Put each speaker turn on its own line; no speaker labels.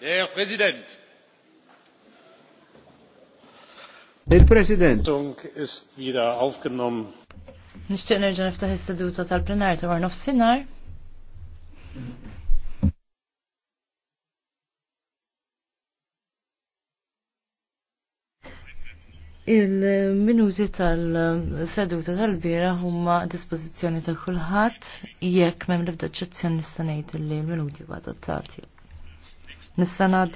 Der
Il President.
ist wieder aufgenommen.
nerġa' niftaħ is-seduta tal-plenar ta' war nofsinhar. Il-minuti tal-seduta tal-bira huma dispożizzjoni ta' kulħadd jekk m'hemm l-ebda ċezzjoni nista' ngħid li l-minuti huwa adattati nis-sena ngħaddi